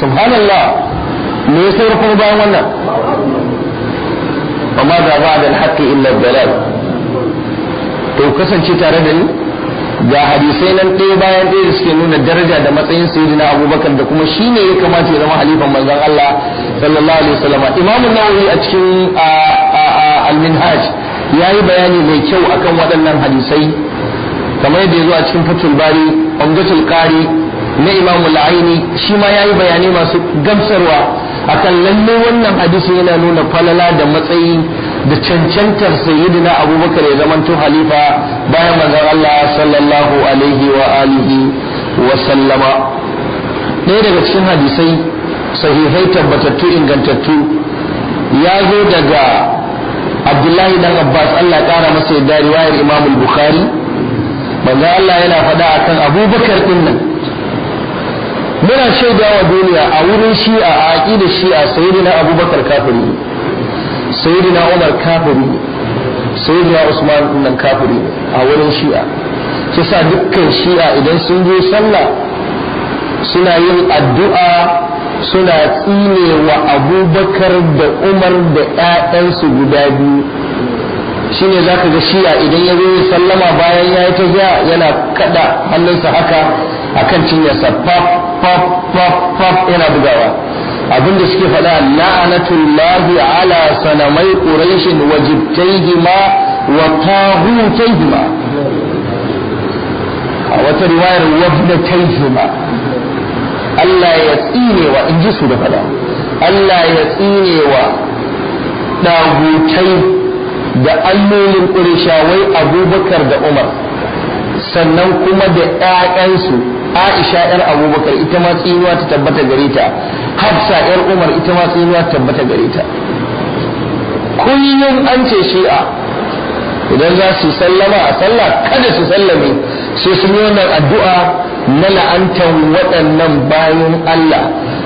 subhanallah me yasa rukun bayan wannan amma da ba da haƙƙi illa dalal to kasance tare da ni ga hadisai nan ɗaya bayan ɗaya da suke nuna daraja da matsayin sayyidina abubakar da kuma shi ne ya kamata ya zama halifan manzon Allah sallallahu alaihi wasallam imamu nawawi a cikin al-minhaj yayi bayani mai kyau akan waɗannan hadisai kamar yadda ya zo a cikin fatul bari umdatul qari na imamu aini shi ma yayi bayanai masu gamsarwa akan lalle wannan hadisi yana nuna falala da matsayi da cancantar sayyidina abubakar ya tun halifa bayan manzon Allah sallallahu alaihi wa alihi wa sallama ɗaya daga cikin hadisai sahihai tabbatattu ingantattu ya zo daga abdullahi dan abbas Allah ƙara masa yadda riwayar imam bukhari manzon Allah yana faɗa akan abubakar ɗinnan. muna shaidawa duniya a wurin shi'a a shi shi'a sayyidina abubakar kafiri sayyidina umar kafiri sayyidina usman nan kafiri a wurin shi'a kisa dukkan shi'a idan sun je sallah suna yin addu'a suna tsine wa abubakar da umar da 'ya'yansu guda biyu shine za ka ga shi'a idan ya zo ya sallama bayan ya yi ta yana kada hannunsa haka kan cinyarsa pop pop pop pop yana bugawa Abin da suke faɗa la'anatullahi ala sanamai quraish wa jibtayhima wa taghutayhima a wata riwayar wabdatayhima Allah ya tsine wa in ji su da faɗa Allah ya tsine wa ɗagutai da allolin ƙurishawai abubakar da umar sannan kuma da ‘ya'yansu aisha yar abubakar ita ma tsinuwa ta tabbata gare ta hafsa yar umar ita ma tsinuwa ta tabbata gare ta kullum an ce shi'a idan za su sallama a sallah kada su sallame su sun wannan addu'a na la'antar waɗannan bayan Allah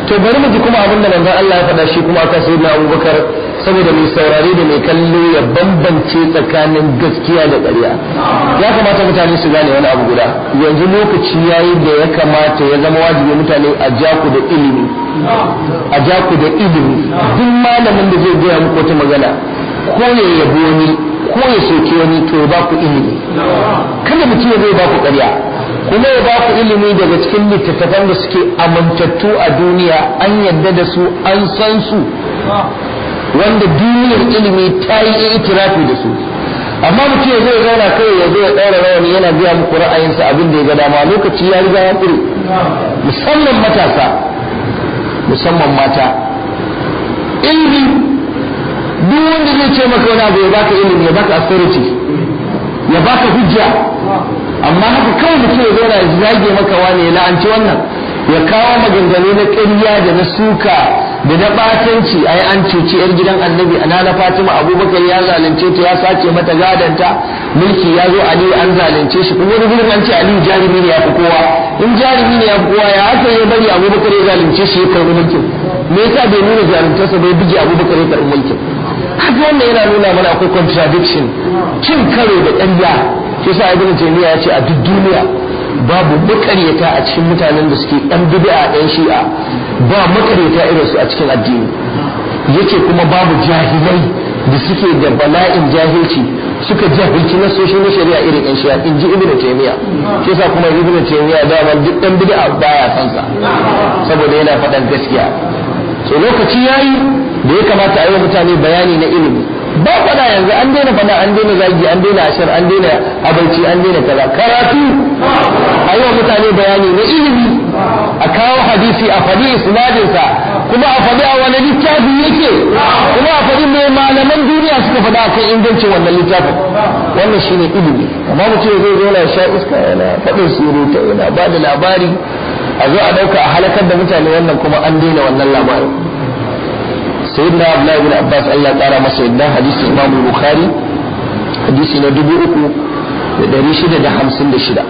to bari mu ji kuma abin da manzon Allah ya faɗa shi kuma akan na Abubakar saboda mai saurari da mai kallo ya bambance tsakanin gaskiya da ƙarya ya kamata mutane su gane wani abu guda yanzu lokaci ya yi da ya kamata ya zama wajibi mutane a jaku da ilimi a jaku da ilimi duk malamin da zai gaya muku wata magana ko ya yabo ni ko ya soke wani to ya ku ilimi kada mutum ya zai ku ƙarya kuma ya ba ku ilimi daga cikin littattafan da suke amintattu a duniya an yadda da su an san su wanda duniyar ilimi ta yi itirafi da su amma mutum ya zai zauna kai ya zai ɗaura rawani yana biya muku ra'ayinsa abin da ya ga dama lokaci ya riga ya tsire musamman matasa musamman mata ilimi duk wanda zai ce maka wani abu ya baka ilimi ya baka authority ya baka hujja amma haka kawai mutum ya zauna ya zage maka wani ya la'anci wannan ya kawo maganganu na ƙarya da na suka da na batanci ai an cuci yar gidan annabi ana na fatima abubakar ya zalunce ta ya sace mata gadanta mulki ya zo ali an zalunce shi kuma wani gurin an ali jarumi ne ya fi kowa in jarumi ne ya fi kowa ya haka ya bari abubakar ya zalunce shi ya karbi mulkin me yasa bai nuna jarumtarsa bai buge abubakar ya karbi mulkin haka wannan yana nuna mana akwai contradiction cin karo da ƙarya shi sa ibn jam'i'a ya ce a duk duniya babu makaryata a cikin mutanen da suke ɗan bid'a ɗan shi'a ba makaryata irin su a cikin addini yake kuma babu jahilai da suke da bala'in jahilci suka jahilci na soshin na shari'a irin ɗan shi'a in ji ibnu taymiya ke sa kuma ibnu taymiya dama duk ɗan bid'a baya san sa saboda yana faɗan gaskiya so lokaci yayi da ya kamata a yi mutane bayani na ilimi ba faɗa yanzu an daina faɗa an daina zagi an daina ashar an daina abinci an daina kaza karatu a mutane bayani na ilimi a kawo hadisi a faɗi isnadinsa kuma a faɗi a wani littafi yake kuma a faɗi mai malaman duniya suka faɗa a kan ingancin wannan littafin wannan shi ilimi amma mutum zai zo yana sha iska yana faɗin surutu yana ba da labari a zo a ɗauka a halakar da mutane wannan kuma an daina wannan labarin sayyidina abdullahi bin abbas Allah ya kara masa yadda hadisi imam bukhari hadisi na dubu uku da dari shida da hamsin da shida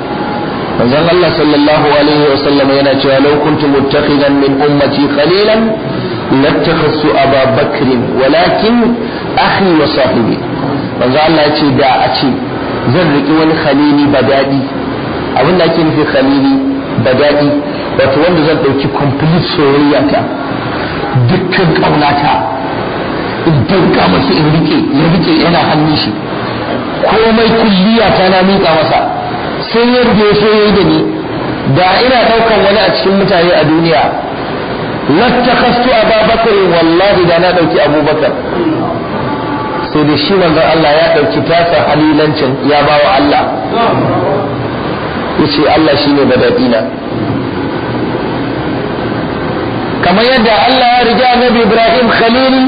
manzon Allah sallallahu alaihi wa sallam yana cewa law kuntu muttakhidan min ummati qalilan lattakhassu aba bakr walakin akhi wa sahibi manzon Allah ya ce da a ce zan riki wani khalili badadi abinda ake nufi khalili badadi wato wanda zan ɗauki complete soyayya dukkan ƙaunata in danka masu in rike ya rike yana hannun shi komai kulliya ta na miƙa masa sai yadda ya so yi da ni da ina ɗaukar wani a cikin mutane a duniya a babakar wallahi da na ɗauki abubakar sai da shi manzon Allah ya ɗauki tasar halilancin ya bawa Allah ce Allah shi ne shine daɗina. kamar yadda Allah ya riga annabi Ibrahim khalili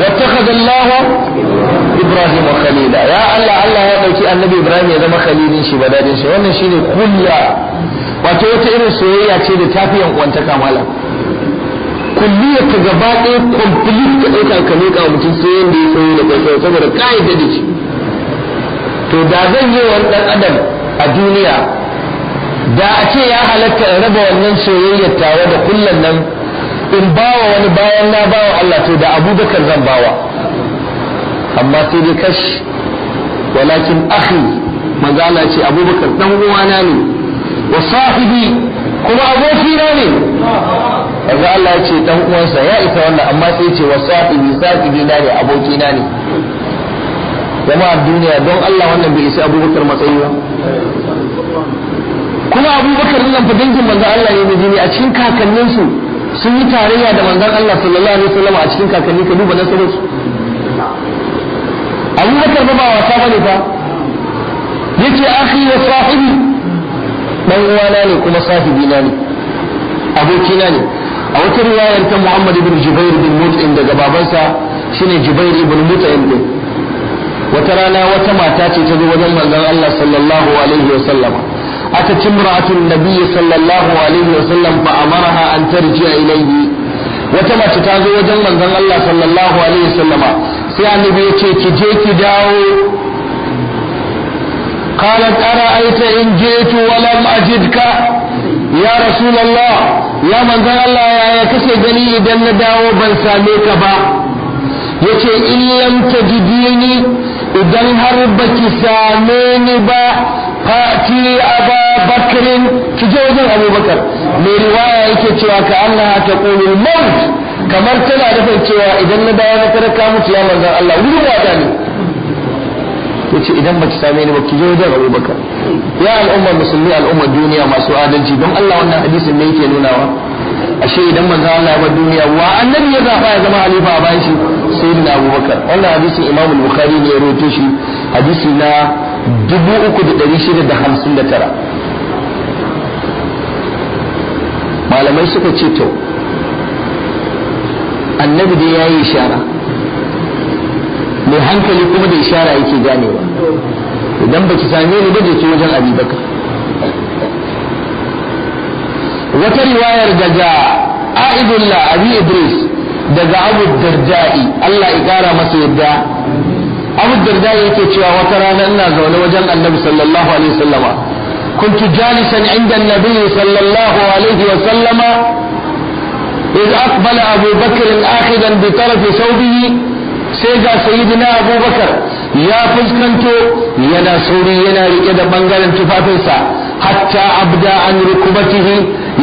wattakhadha Allah Ibrahim khalila ya Allah Allah ya dauki annabi Ibrahim ya zama khalilin shi badadin shi wannan shine kulla wato wata irin soyayya ce da tafiyan uwanta kamala kulliyar ta gaba ɗaya complete ka ɗauka ka miƙa wa mutum sai yanda ya soyi da kai saboda ka'ida da shi to da zan yi wani ɗan adam a duniya da a ce ya halatta in raba wannan soyayya tawa da kullum nan in bawa wani bayan na bawa Allah to da abubakar zan bawa amma sai dai kashi walakin akhi magana ce ce abubakar dan uwana ne wa sahibi kuma abokina ne yanzu Allah ya ce dan uwansa ya isa wannan amma sai ce wa sahibi sahibi na ne abokina ne jama'a duniya don Allah wannan bai isa abubakar matsayi ba kuma abubakar nan fa dangin manzo Allah ne ne a cikin kakanninsu sun yi tarayya da manzon Allah sallallahu alaihi wasallam a cikin kakanni ka duba nasarar su Abu Bakar ba wasa bane fa yace akhi wa sahibi dan uwana ne kuma sahibi na ne abokina ne a wata riwayar ta Muhammad ibn Jubair bin Mut'im daga babansa shine Jubair ibn Mut'im din wata rana wata mata ce ta zo wajen manzon Allah sallallahu alaihi wasallam aka ci muratun nabiya sallallahu alaihi wa wata mace ta zo wajen manzon Allah sallallahu alaihi wa sallam sai annabi ya ce ki je ki dawo qalat ara aita in jeetu wa lam ajidka ya rasulullah ya manzon Allah ya ya kashe gani idan na dawo ban same ka ba yace in lam tajidini idan har baki same ni ba fati aba bakirin ki je wajen abubakar mai riwaya yake cewa ka Allah ta qulu maut kamar tana dafa cewa idan na dawo na tarka mutu ya manzon Allah wurin wata ne ce idan baki same ni ba ki je wajen abubakar ya al'ummar musulmi al'ummar duniya masu adalci don Allah wannan hadisin ne yake nunawa ashe idan manzon Allah ya bar duniya wa annabi ya zaba ya zama halifa a bayan shi sayyidina abubakar wannan hadisin imam bukhari ne ya rawaito shi hadisi na 3659 malamai suka ce annabi dai ya yi ishara mai hankali kuma da ishara yake ganewa idan baki same ni ba je wajen abubakar wata riwayar daga a'idullah abi idris daga abu darja'i Allah ya kara masa yadda abu darja'i yake cewa wata rana ina zaune wajen annabi sallallahu alaihi wasallama kuntu jalisan inda annabi sallallahu alaihi wasallama إذ أقبل أبو بكر آخذا بطرف ثوبه سيجا سيدنا أبو بكر يا فزكنتو يا ناسوري ينا ركد بنغال تفافنسا حتى أبدا عن ركبته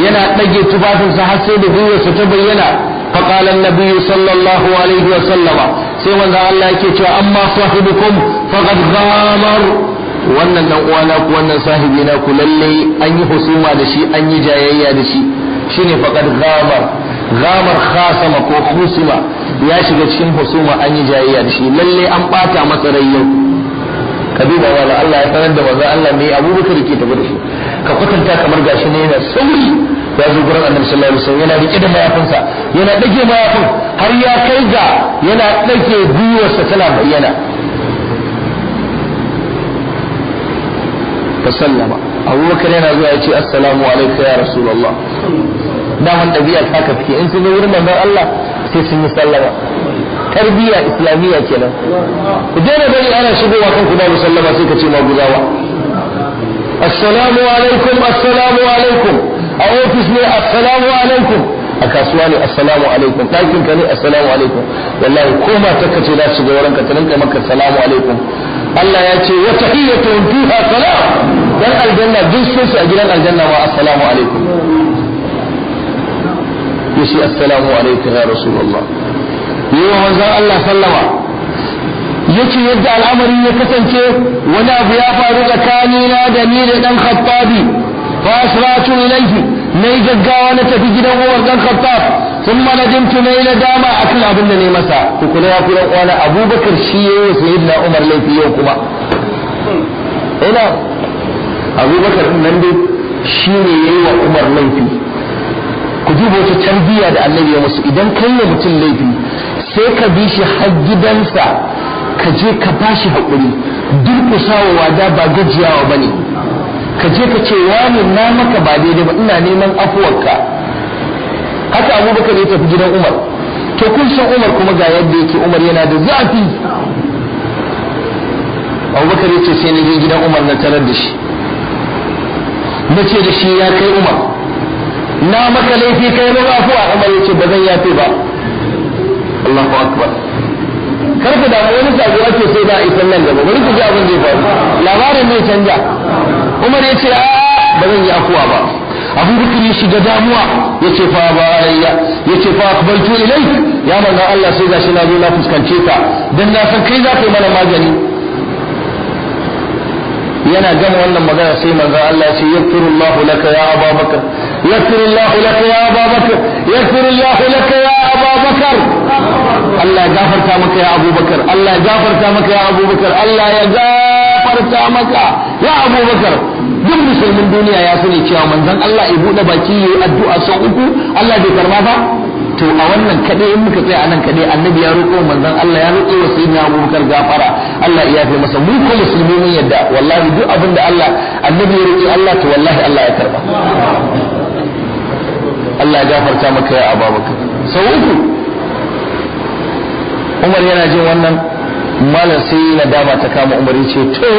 ينا تجي تفافنسا حسيب هو ستبينا فقال النبي صلى الله عليه وسلم سيما ذا الله يكي أما صاحبكم فقد غامر wannan dan uwana ku wannan sahibi na ku lalle an yi husuma da shi an yi jayayya da shi shine faqad ghamar ghamar khasama ko husuma ya shiga cikin husuma an yi jayayya da shi lalle an bata masa rai yau ka duba wala Allah ya sanar da manzo Allah ne Abu Bakar ke tafi da shi ka kwatanta kamar gashi ne yana sauri ya zo gurin Annabi sallallahu alaihi wasallam yana rike da mayafinsa yana dage mayafin har ya kai ga yana dage gwiwarsa tana bayyana ka sallama Abu Bakar yana zuwa ya ce assalamu alaikum ya rasulullah daman ɗabi'a ta ka fike in sun yi wurin manzon Allah sai sun yi sallama tarbiyya islamiyya kenan ku daina bari ana shigowa kanku ba musallama sai ka ce ma guzawa assalamu alaikum assalamu alaikum a ofis ne assalamu alaikum a kasuwa ne assalamu alaikum ɗakin ka ne assalamu alaikum wallahi ko ma ta kace za shiga wurin ka tarinka maka assalamu alaikum Allah ya ce wa tahiyyatun fiha salam dan aljanna duk a gidan aljanna ma assalamu alaikum yace assalamu alaikum ya rasulullah yi wa manzon Allah sallama yace yadda al'amarin ya kasance wani abu ya faru tsakanina da ni da dan khattabi fa asratu ilayhi nayi gaggawa na tafi gidan uwar dan Khattab thumma na dama a akan abin da ne masa to kula ya kula kwana Abubakar shi ya yi yayi sayyidina Umar laifi yau kuma ina Abubakar nan dai shi ne ya yi wa Umar laifi ku duba wata tarbiyya da annabi ya musu idan kai mutum laifi sai ka bi shi har gidansa ka je ka bashi haƙuri durƙusawa wada ba gajiyawa ba ne ka je ka ce wani na maka ba daidai ba ina neman afuwarka haka abubakar ya tafi gidan umar to kun san umar kuma ga yadda yake umar yana da zafi abubakar ya ce sai na je gidan umar na tarar da shi na ce da shi ya kai umar na maka laifi kai ba afuwa umar ya ce ba zan yafe ba Allahu akbar kar ka damu wani sabo ake so da isan nan gaba bari ku ji abin da ya faru labarin ne canja Umar ya ce a ba zan yi akuwa ba Abu Bakar ya shiga damuwa ya ce fa bayya ya ce fa akbaltu ilaik ya manzo Allah sai gashi na zo na fuskance ka dan na san kai za ka yi mana magani yana gama wannan magana sai manzo Allah ya ce yakfirullahu laka ya Abu Bakar laka ya Abu Bakar laka ya Abu Allah ya gafarta maka ya abubakar Allah ya gafarta maka ya abubakar Allah ya gafarta maka ya abubakar duk musulmin duniya ya sani cewa manzon Allah ya buɗe baki ya yi addu'a sau uku Allah bai karba ba to a wannan kaɗai in muka tsaya a nan kaɗai annabi ya roƙo manzon Allah ya roƙo wa sayyidina Abubakar gafara Allah ya yafe masa mu ko musulmi mun yadda wallahi duk abin da Allah annabi ya roƙi Allah to wallahi Allah ya karba Allah ya gafarta maka ya Abubakar sau uku umar yana jin wannan malam sai nadama ta kama umar ce to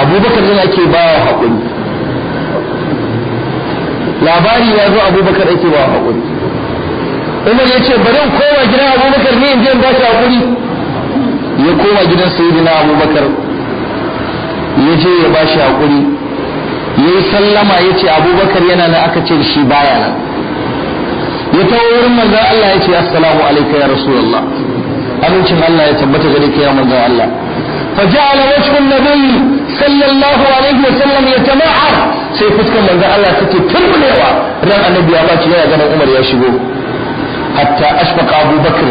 abubakar din ake bawa haƙuri labari ya zo abubakar ake bawa haƙuri umar ya ce bari koma gidan abubakar ne in je in ba shi haƙuri ya koma gidan sayyidina abubakar ya je ya ba shi haƙuri ya yi sallama ya ce abubakar yana nan aka ce shi baya nan ya tawo wurin manzon Allah ya ce assalamu alayka ya rasulullah abincin Allah ya tabbata gare ka ya manzon Allah فجعل وجه النبي صلى الله ya ta يتمعر sai fuskar manzon Allah take turbulewa ran annabi ya baci yana ganin Umar ya shigo hatta ashfaqa Abu Bakr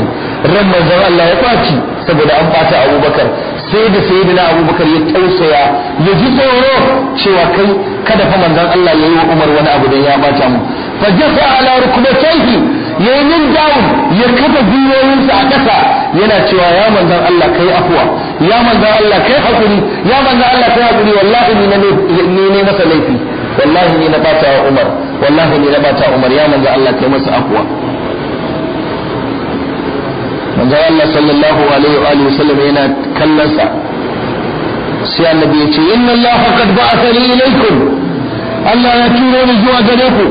ran manzon Allah ya baci saboda an bata Abu Bakr sai da sayyidina Abu Bakr ya tausaya ya ji tsoro cewa kai kada fa manzon Allah ya yi wa Umar wani abu da ya bata mu fa jafa ala ya yi min down ya kafa gwiwoyinsa a ƙasa yana cewa ya manzon Allah kai afwa ya manzon Allah kai hakuri ya manzon Allah kai hakuri wallahi ni ne ne masa laifi wallahi ni na bata wa Umar wallahi ni na bata Umar ya manzon Allah kai masa afwa manzon Allah sallallahu alaihi wa alihi wasallam yana kallonsa sai annabi ya ce inna Allah qad ba'athani ilaykum Allah ya turo ni zuwa gare ku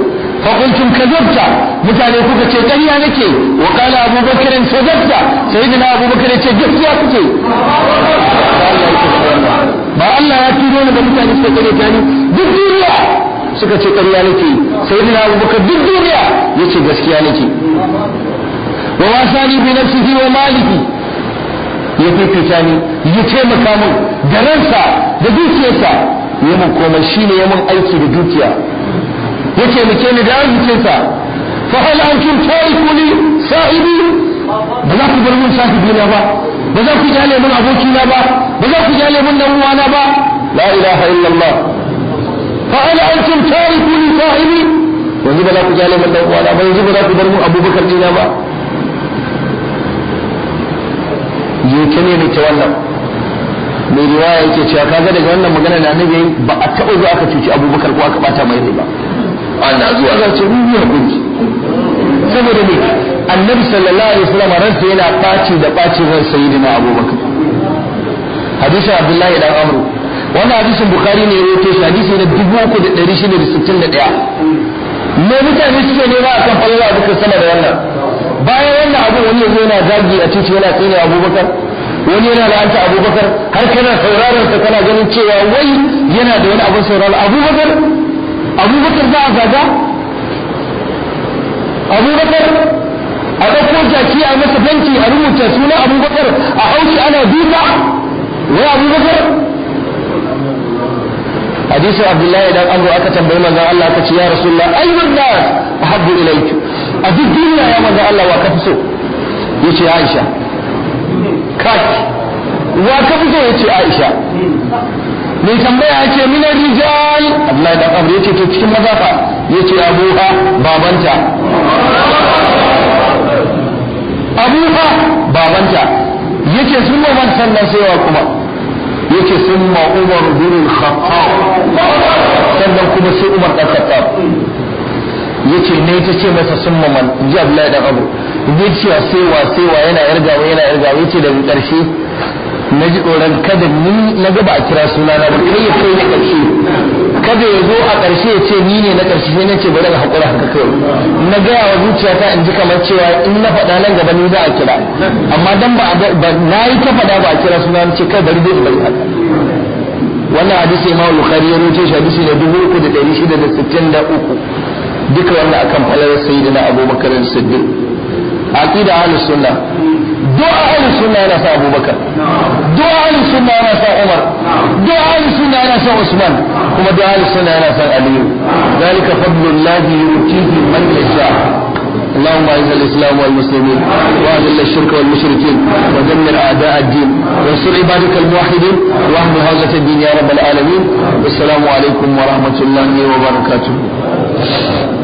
فقلتم كذبت متاني كوكا تي قريا نكي وقال ابو بكر sai سيدنا ابو بكر ce gaskiya كوكي ba Allah ya turo ni ba mutane suka kare ta ni duk duniya suka ce ƙarya nake sayyidina Abu abubakar duk duniya ce gaskiya nake wa ni bi nafsihi wa maliki ya fifita ni ya taimaka min da ransa da dukiyarsa ya mun komai shine ya mun aiki da dukiya ya taimake ni da arzikinsa fa hal antum tarikuni sahibi ba za ku bar mun sahibi na ba ba za ku jale mun aboki na ba ba za ku jale mun dan uwana ba la ilaha illallah fa hal antum tarikuni sahibi yanzu ba za ku jale mun dan uwana ba yanzu ba za ku bar mun abubakar dina ba yake ne ta wannan mai riwaya yake cewa kaga daga wannan magana da annabi ba a taɓa zuwa aka cuci abubakar ko aka bata mai ba ana zuwa za ce mun yi kunci saboda ne annabi sallallahu alaihi wasallam ransa yana ɓaci da ɓacin ran sayyidina abubakar hadisin abdullahi dan amru wannan hadisin bukhari ne ya rawaito shi hadisi na 3661 me mutane suke nema akan falala duka sama da wannan bayan wannan abu wani yanzu yana zagi a titi yana tsini abubakar wani yana la'anta abubakar har kana sauraron sa kana ganin cewa wai yana da wani abin sauraron abubakar abubakar za a zaga abubakar a ɗauko jaki a masa banki a rubuta suna abubakar a auki ana duka wai abubakar hadisin abdullahi dan amru aka tambayi manzon Allah aka ce ya rasulullah ayyun nas ahabbu ilayk a duk duniya ya manzon Allah wa ka fi so yace Aisha kai wa ka so yace Aisha mai tambaya ya ce minar rijal Abdullahi dan ya ce to cikin maza fa yace abuha babanta abuha babanta Ya ce sun ma man sannan sai kuma ce sun ma Umar bin Khattab sannan kuma sai Umar dan Khattab ce ne ta ce masa sun ma man ji Abdullahi da Amr yace sai Sewa sai wa yana yarga yana yargawa ce daga karshe na ji tsoron kada ni na gaba ba a kira suna na ba kai ya kai na ƙarshe kada ya zo a ƙarshe ya ce ni ne na ƙarshe sai na ce bari ga haƙura haka kai na gaya wa zuciyata in ji kamar cewa in na faɗa nan gaba ni za a kira amma dan ba na yi ta faɗa ba a kira suna na ce kai bari dai bari haka wannan hadisi ma bukhari ya rute shi hadisi na dubu uku da shida da sittin da uku duka wannan akan falar sayyidina abubakar siddiq aqida ahlus sunnah du'a ahlus sunnah yana sa abubakar دعاء السنة أنا عمر دعاء السنة أنا عثمان دعاء السنة أنا علي ذلك فضل الله يؤتيه من يشاء اللهم اعز الاسلام والمسلمين واذل الشرك والمشركين ودمر اعداء الدين وانصر عبادك الموحدين واحمد هذا الدين يا رب العالمين والسلام عليكم ورحمه الله وبركاته